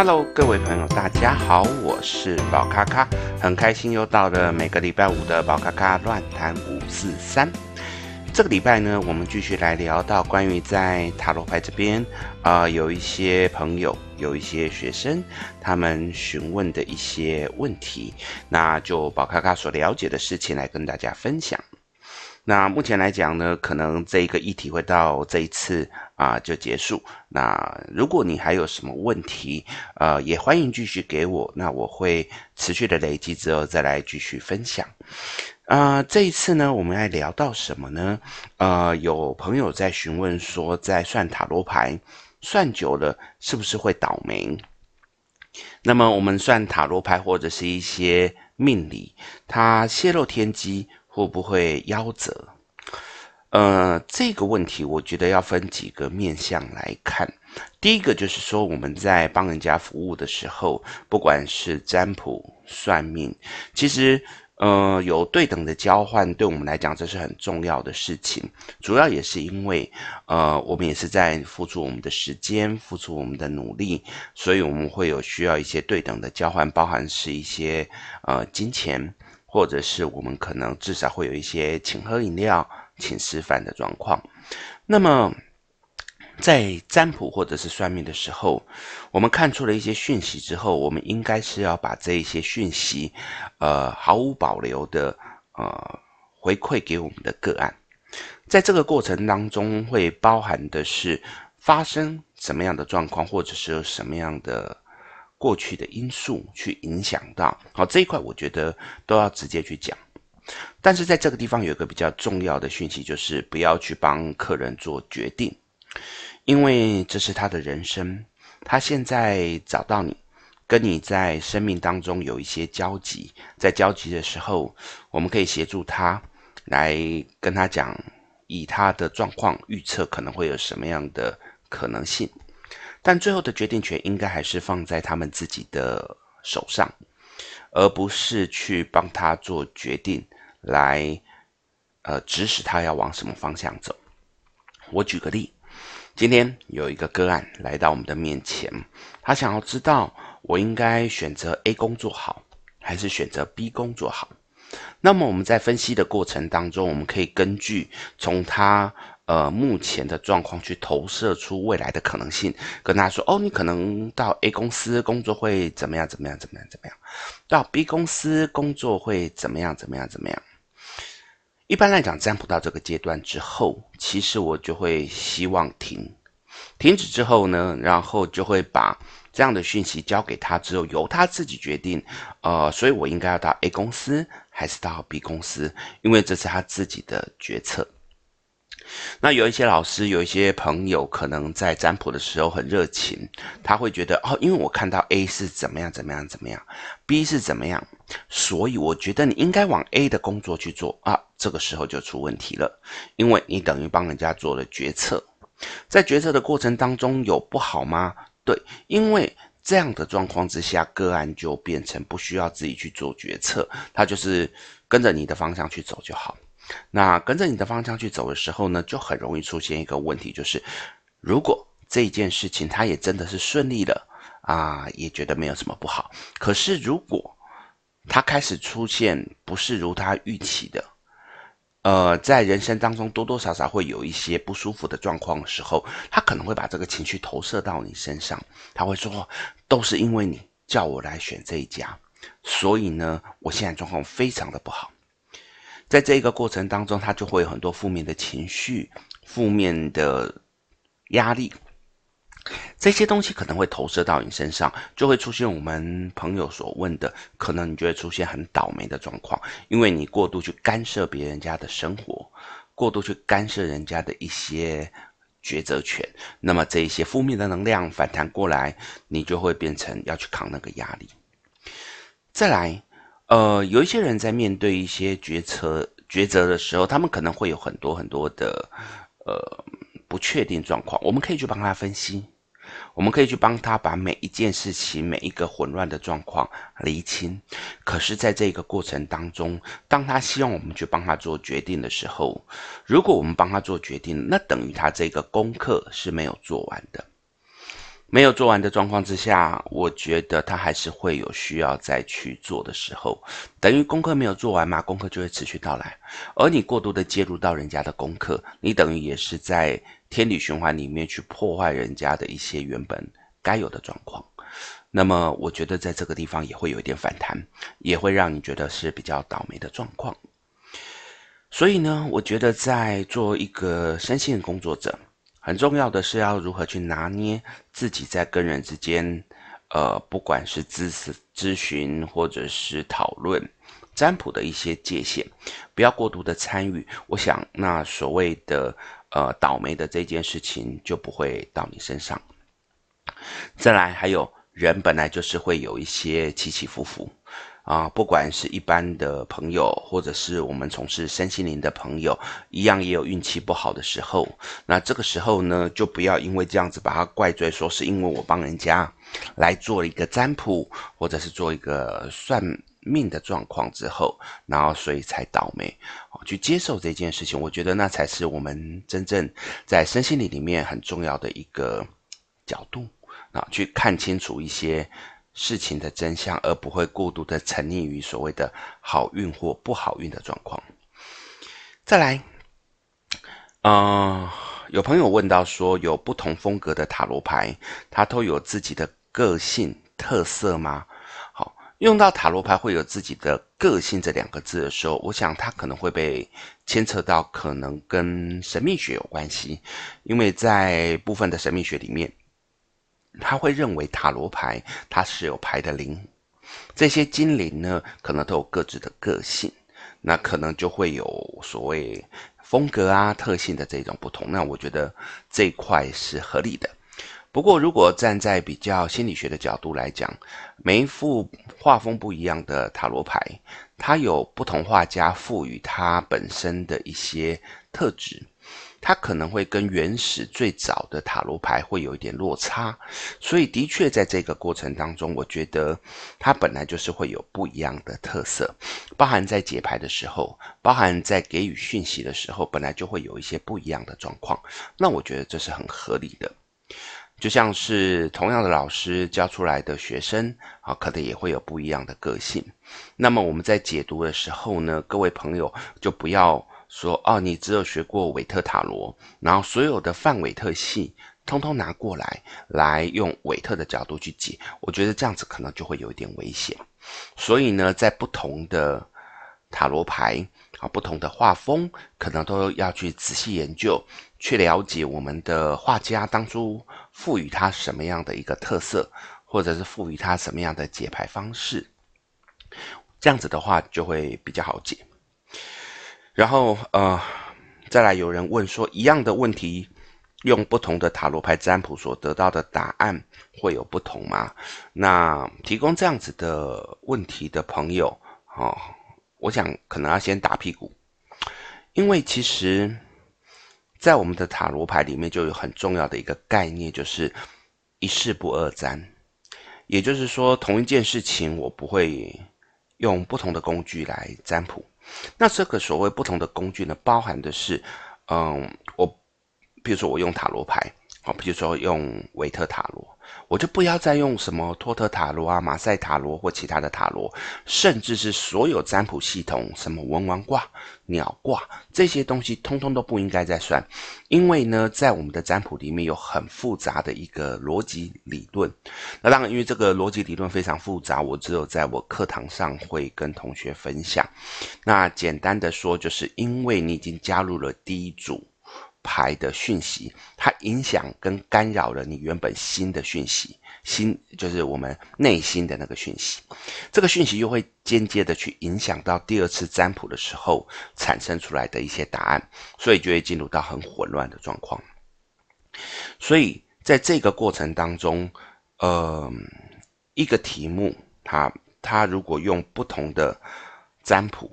哈嘍，Hello，各位朋友，大家好，我是寶咖咖，很開心又到了每個禮拜五的寶咖咖亂談543。這個禮拜呢，我們繼續來聊到關於在塔羅牌這邊啊、呃，有一些朋友，有一些學生，他們詢問的一些問題，那就寶咖咖所了解的事情來跟大家分享。那目前來講呢，可能這個議題會到這一次啊，呃，就結束。那如果你還有什麼問題，呃，也歡迎繼續給我，那我會持續的累積之後再來繼續分享。啊，呃，這一次呢，我們來聊到什麼呢？呃，有朋友在詢問說，在算塔羅牌算久了是不是會倒霉？那麼我們算塔羅牌或者是一些命理，它洩露天機。會不會夭折？呃，這個問題我覺得要分幾個面向來看。第一個就是說，我們在幫人家服務的時候，不管是占卜、算命，其實，呃，有對等的交換，對我們來講這是很重要的事情。主要也是因為，呃，我們也是在付出我們的時間、付出我們的努力，所以我們會有需要一些對等的交換，包含是一些，呃，金錢。或者是我們可能至少會有一些請喝飲料、請吃飯的狀況。那麼，在占卜或者是算命的時候，我們看出了一些訊息之後，我們應該是要把這一些訊息，呃，毫無保留的呃回饋給我們的個案。在這個過程當中，會包含的是發生什麼樣的狀況，或者是有什麼樣的。過去的因素去影響到。好，這一塊我覺得都要直接去講。但是在這個地方有一個比較重要的訊息，就是不要去幫客人做決定，因為這是他的人生。他現在找到你，跟你在生命當中有一些交集，在交集的時候，我們可以協助他來跟他講，以他的狀況預測可能會有什麼樣的可能性。但最後的決定權應該還是放在他們自己的手上，而不是去幫他做決定來，來呃，指使他要往什麼方向走。我舉個例，今天有一個個案來到我們的面前，他想要知道我應該選擇 A 工作好，還是選擇 B 工作好。那麼我們在分析的過程當中，我們可以根據從他。呃，目前的狀況去投射出未來的可能性，跟他說：哦，你可能到 A 公司工作會怎麼樣？怎麼樣？怎麼樣？怎麼樣？到 B 公司工作會怎麼樣？怎麼樣？怎麼樣？一般來講，占卜到這個階段之後，其實我就會希望停，停止之後呢，然後就會把這樣的訊息交給他，之後由他自己決定。呃，所以我應該要到 A 公司還是到 B 公司？因為這是他自己的決策。那有一些老師，有一些朋友，可能在占卜的時候很熱情，他會覺得哦，因為我看到 A 是怎麼樣怎麼樣怎麼樣，B 是怎麼樣，所以我覺得你應該往 A 的工作去做啊。這個時候就出問題了，因為你等於幫人家做了決策，在決策的過程當中有不好嗎？對，因為這樣的狀況之下，個案就變成不需要自己去做決策，他就是跟着你的方向去走就好。那跟着你的方向去走的時候呢，就很容易出現一個問題，就是如果這件事情他也真的是順利的啊，也覺得沒有什麼不好。可是如果他開始出現不是如他預期的，呃，在人生當中多多少少會有一些不舒服的狀況的時候，他可能會把這個情緒投射到你身上，他會說，哦，都是因為你叫我來選這一家，所以呢，我現在狀況非常的不好。在這個過程當中，他就會有很多負面的情緒、負面的壓力，這些東西可能會投射到你身上，就會出現我們朋友所問的，可能你就會出現很倒霉的狀況，因為你過度去干涉別人家的生活，過度去干涉人家的一些抉擇權，那麼這一些負面的能量反彈過來，你就會變成要去扛那個壓力。再來。呃，有一些人在面對一些決策抉擇的時候，他們可能會有很多很多的呃不確定狀況。我們可以去幫他分析，我們可以去幫他把每一件事情、每一個混亂的狀況釐清。可是，在這個過程當中，當他希望我們去幫他做決定的時候，如果我們幫他做決定，那等於他這個功課是沒有做完的。沒有做完的狀況之下，我覺得他還是會有需要再去做的時候，等於功課沒有做完嘛，功課就會持續到來。而你過度的介入到人家的功課，你等於也是在天理循環裡面去破壞人家的一些原本該有的狀況。那麼，我覺得在這個地方也會有一點反彈，也會讓你覺得是比較倒霉的狀況。所以呢，我覺得在做一個身心靈工作者。很重要的是要如何去拿捏自己在跟人之間，呃，不管是諮諮詢或者是討論占卜的一些界限，不要過度的參與。我想，那所謂的呃倒霉的這件事情就不會到你身上。再來，還有。人本來就是會有一些起起伏伏啊，不管是一般的朋友，或者是我們從事身心靈的朋友，一樣也有運氣不好的時候。那這個時候呢，就不要因為這樣子把它怪罪，說是因為我幫人家來做了一個占卜，或者是做一個算命的狀況之後，然後所以才倒霉。啊，去接受這件事情，我覺得那才是我們真正在身心靈裡面很重要的一個角度。啊，去看清楚一些事情的真相，而不會過度的沉溺於所謂的好運或不好運的狀況。再來，啊、呃，有朋友問到說，有不同風格的塔羅牌，它都有自己的個性特色嗎？好、哦，用到塔羅牌會有自己的個性這兩個字的時候，我想它可能會被牽扯到，可能跟神秘學有關係，因為在部分的神秘學裡面。他會認為塔羅牌它是有牌的靈，這些精靈呢可能都有各自的個性，那可能就會有所謂風格啊特性的這種不同。那我覺得這一塊是合理的。不過如果站在比較心理學的角度來講，每一副畫風不一樣的塔羅牌，它有不同畫家賦予它本身的一些特質。它可能會跟原始最早的塔羅牌會有一點落差，所以的確在這個過程當中，我覺得它本來就是會有不一樣的特色，包含在解牌的時候，包含在給予訊息的時候，本來就會有一些不一樣的狀況。那我覺得這是很合理的，就像是同樣的老師教出來的學生啊，可能也會有不一樣的個性。那麼我們在解讀的時候呢，各位朋友就不要。說哦，你只有學過韋特塔羅，然後所有的範韋特系通通拿過來，來用韋特的角度去解，我覺得這樣子可能就會有一點危險。所以呢，在不同的塔羅牌啊，不同的畫風，可能都要去仔細研究，去了解我們的畫家當初賦予他什麼樣的一個特色，或者是賦予他什麼樣的解牌方式，這樣子的話就會比較好解。然後，呃，再來有人問說，一樣的問題，用不同的塔羅牌占卜所得到的答案會有不同嗎？那提供這樣子的問題的朋友，哦，我想可能要先打屁股，因為其實在我們的塔羅牌裡面就有很重要的一個概念，就是一事不二占，也就是說同一件事情，我不會用不同的工具來占卜。那這個所謂不同的工具呢，包含的是，嗯，我，比如說我用塔羅牌。好，比如說用韋特塔羅，我就不要再用什麼托特塔羅啊、馬賽塔羅或其他的塔羅，甚至是所有占卜系統，什麼文王卦、鳥卦這些東西，通通都不應該再算。因為呢，在我們的占卜裡面有很複雜的一個邏輯理論。那當然，因為這個邏輯理論非常複雜，我只有在我課堂上會跟同學分享。那簡單的說，就是因為你已經加入了第一組。牌的訊息，它影響跟干擾了你原本心的訊息，心，就是我們內心的那個訊息，這個訊息又會間接的去影響到第二次占卜的時候產生出來的一些答案，所以就會進入到很混亂的狀況。所以在這個過程當中，呃，一個題目它它如果用不同的占卜，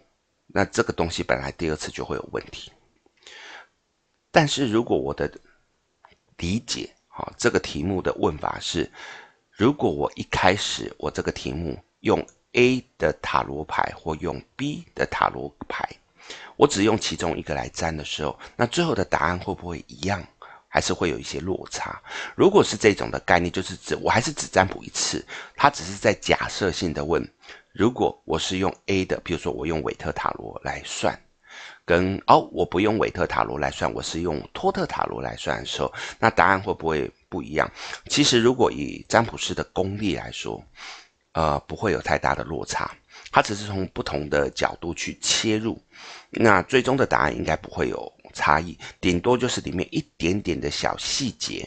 那這個東西本來第二次就會有問題。但是如果我的理解，好，這個題目的問法是，如果我一開始我這個題目用 A 的塔羅牌或用 B 的塔羅牌，我只用其中一個來占的時候，那最後的答案會不會一樣，還是會有一些落差？如果是這種的概念，就是只我還是只占卜一次，他只是在假設性的問，如果我是用 A 的，比如說我用韋特塔羅來算。跟，哦，我不用韋特塔羅來算，我是用托特塔羅來算的時候，那答案會不會不一樣？其實如果以占卜師的功力來說，呃，不會有太大的落差，他只是從不同的角度去切入，那最終的答案應該不會有差異，頂多就是裡面一點點的小細節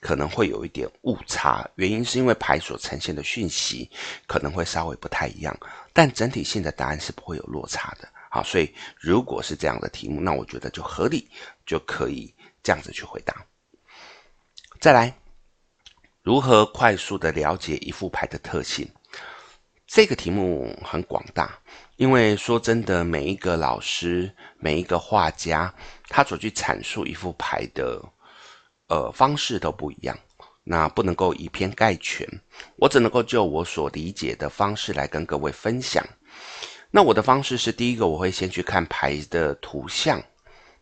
可能會有一點誤差，原因是因為牌所呈現的訊息可能會稍微不太一樣，但整體性的答案是不會有落差的。好，所以如果是這樣的題目，那我覺得就合理，就可以這樣子去回答。再來，如何快速的了解一副牌的特性？這個題目很廣大，因為說真的，每一個老師、每一個畫家，他所去闡述一副牌的，呃，方式都不一樣，那不能夠以偏概全。我只能夠就我所理解的方式來跟各位分享。那我的方式是，第一個我會先去看牌的圖像，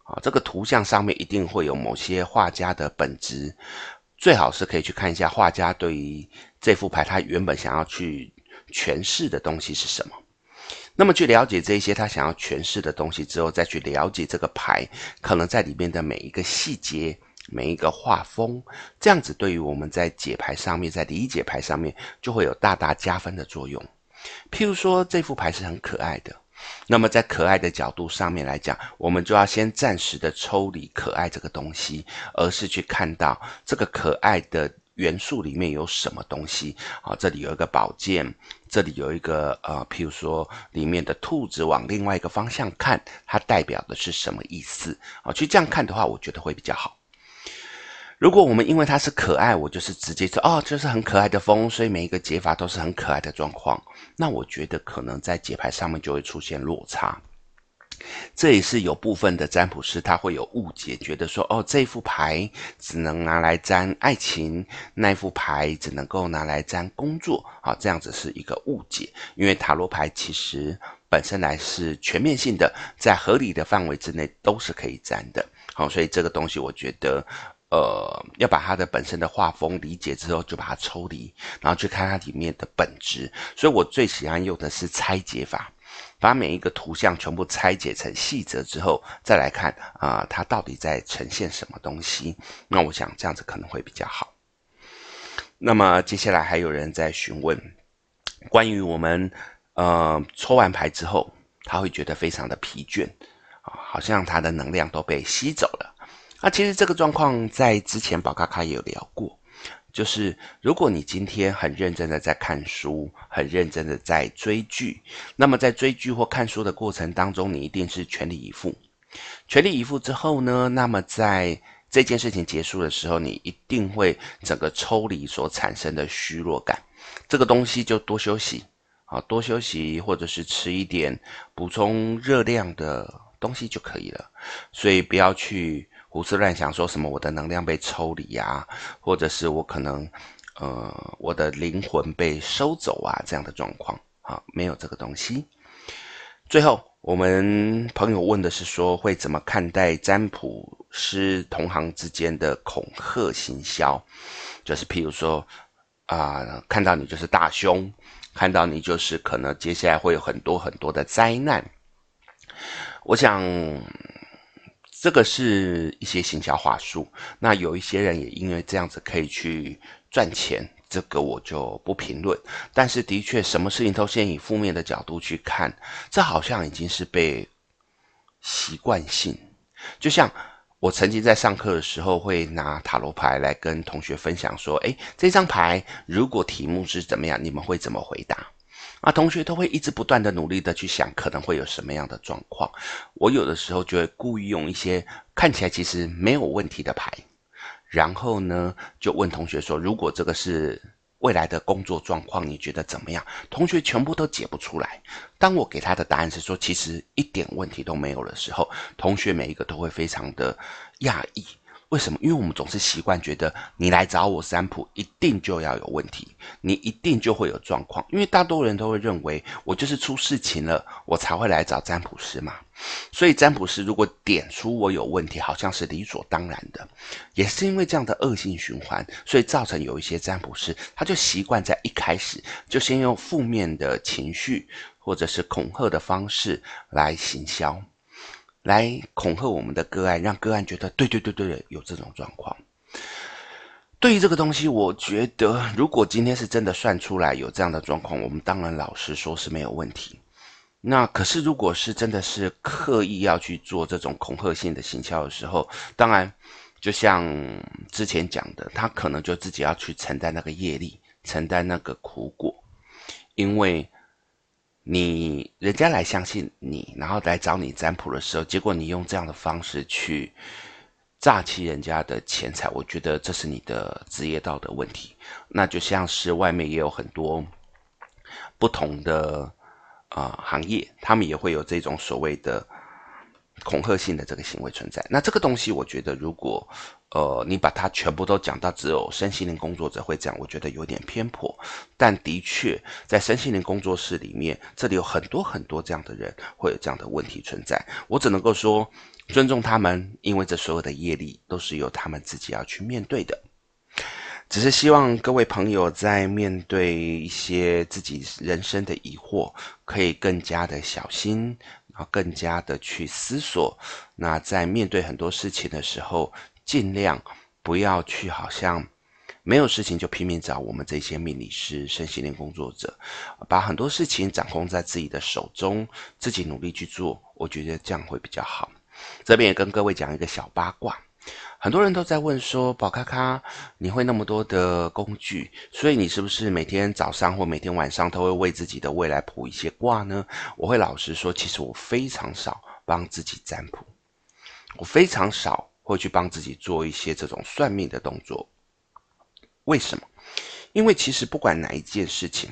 啊，這個圖像上面一定會有某些畫家的本質，最好是可以去看一下畫家對於這副牌他原本想要去詮釋的東西是什麼。那麼去了解這一些他想要詮釋的東西之後，再去了解這個牌可能在裡面的每一個細節、每一個畫風，這樣子對於我們在解牌上面、在理解牌上面就會有大大加分的作用。譬如說，這副牌是很可愛的。那麼，在可愛的角度上面來講，我們就要先暫時的抽離可愛這個東西，而是去看到這個可愛的元素裡面有什麼東西。啊，這裡有一個寶劍，這裡有一個呃，譬如說裡面的兔子往另外一個方向看，它代表的是什麼意思？啊，去這樣看的話，我覺得會比較好。如果我們因為它是可愛，我就是直接說哦，這，就是很可愛的風，所以每一個解法都是很可愛的狀況。那我覺得可能在解牌上面就會出現落差。這也是有部分的占卜師他會有誤解，覺得說哦，這副牌只能拿來占愛情，那副牌只能夠拿來占工作啊、哦，這樣子是一個誤解。因為塔羅牌其實本身來是全面性的，在合理的範圍之內都是可以占的。好、哦，所以這個東西我覺得。呃，要把它的本身的畫風理解之後，就把它抽離，然後去看它裡面的本質。所以我最喜歡用的是拆解法，把每一個圖像全部拆解成細則之後，再來看啊，呃，它到底在呈現什麼東西。那我想這樣子可能會比較好。那麼接下來還有人在詢問，關於我們呃，抽完牌之後，他會覺得非常的疲倦啊，好像他的能量都被吸走了。那，啊，其實這個狀況在之前寶咖咖也有聊過，就是如果你今天很認真的在看書，很認真的在追劇，那麼在追劇或看書的過程當中，你一定是全力以赴。全力以赴之後呢，那麼在這件事情結束的時候，你一定會整個抽離所產生的虛弱感，這個東西就多休息啊，多休息，或者是吃一點補充熱量的東西就可以了。所以不要去。胡思亂想，說什麼我的能量被抽離啊，或者是我可能，呃，我的靈魂被收走啊，這樣的狀況，啊，沒有這個東西。最後，我們朋友問的是說，會怎麼看待占卜師同行之間的恐嚇行銷？就是譬如說，啊、呃，看到你就是大凶，看到你就是可能接下來會有很多很多的災難。我想。這個是一些行銷話術，那有一些人也因為這樣子可以去賺錢，這個我就不評論。但是的確，什麼事情都先以負面的角度去看，這好像已經是被習慣性。就像我曾經在上課的時候，會拿塔羅牌來跟同學分享，說：“誒，這張牌如果題目是怎麼樣，你們會怎麼回答？”啊，同學都會一直不斷的努力的去想，可能會有什麼樣的狀況。我有的時候就會故意用一些看起來其實沒有問題的牌，然後呢，就問同學說：“如果這個是未來的工作狀況，你覺得怎麼樣？”同學全部都解不出來。當我給他的答案是說：“其實一點問題都沒有”的時候，同學每一個都會非常的訝異。為什麼？因為我們總是習慣覺得你來找我占卜，一定就要有問題，你一定就會有狀況。因為大多人都會認為我就是出事情了，我才會來找占卜師嘛。所以占卜師如果點出我有問題，好像是理所當然的。也是因為這樣的惡性循環，所以造成有一些占卜師他就習慣在一開始就先用負面的情緒或者是恐嚇的方式來行銷。來恐嚇我們的個案，讓個案覺得對對對對的，有這種狀況。對於這個東西，我覺得如果今天是真的算出來有這樣的狀況，我們當然老實說是沒有問題。那可是如果是真的是刻意要去做這種恐嚇性的行銷的時候，當然就像之前講的，他可能就自己要去承擔那個業力，承擔那個苦果，因為。你，人家來相信你，然後來找你占卜的時候，結果你用這樣的方式去榨取人家的錢財，我覺得這是你的職業道德問題。那就像是外面也有很多不同的啊、呃、行業，他們也會有這種所謂的。恐嚇性的這個行為存在，那這個東西，我覺得如果，呃，你把它全部都講到只有身心靈工作者會這樣，我覺得有點偏頗。但的確，在身心靈工作室裡面，這裡有很多很多這樣的人會有這樣的問題存在。我只能夠說尊重他們，因為這所有的業力都是由他們自己要去面對的。只是希望各位朋友在面對一些自己人生的疑惑，可以更加的小心。更加的去思索，那在面對很多事情的時候，盡量不要去好像沒有事情就拼命找我們這些命理師、身心靈工作者，把很多事情掌控在自己的手中，自己努力去做，我覺得這樣會比較好。這邊也跟各位講一個小八卦。很多人都在問說：“寶咖咖，你會那麼多的工具，所以你是不是每天早上或每天晚上都會為自己的未來卜一些卦呢？”我會老實說，其實我非常少幫自己占卜，我非常少會去幫自己做一些這種算命的動作。為什麼？因為其實不管哪一件事情，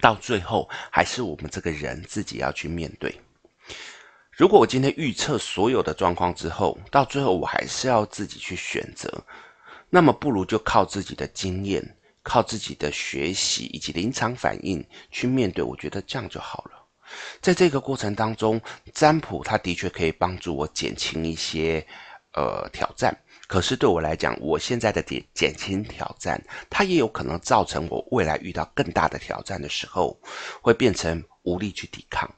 到最後還是我們這個人自己要去面對。如果我今天預測所有的狀況之後，到最後我還是要自己去選擇，那麼不如就靠自己的經驗、靠自己的學習以及臨場反應去面對。我覺得這樣就好了。在這個過程當中，占卜它的確可以幫助我減輕一些呃挑戰，可是對我來講，我現在的減減輕挑戰，它也有可能造成我未來遇到更大的挑戰的時候，會變成無力去抵抗。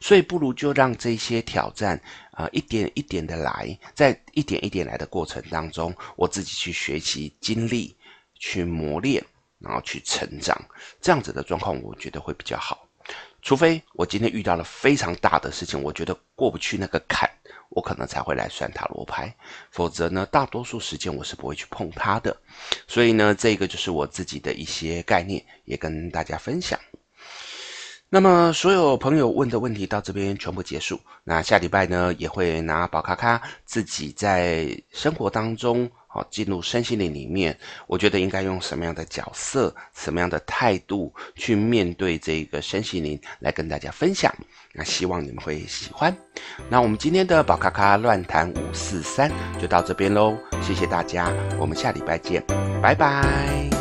所以不如就讓這些挑戰啊，呃，一點一點的來，在一點一點來的過程當中，我自己去學習、經歷、去磨練，然後去成長，這樣子的狀況，我覺得會比較好。除非我今天遇到了非常大的事情，我覺得過不去那個坎，我可能才會來算塔羅牌。否則呢，大多數時間我是不會去碰它的。所以呢，這個就是我自己的一些概念，也跟大家分享。那麼所有朋友問的問題到這邊全部結束。那下禮拜呢，也會拿寶咖咖自己在生活當中好進、哦，入身心靈裡面，我覺得應該用什麼樣的角色、什麼樣的態度去面對這個身心靈來跟大家分享。那希望你們會喜歡。那我們今天的寶咖咖亂談五四三就到這邊嘍，謝謝大家，我們下禮拜見，拜拜。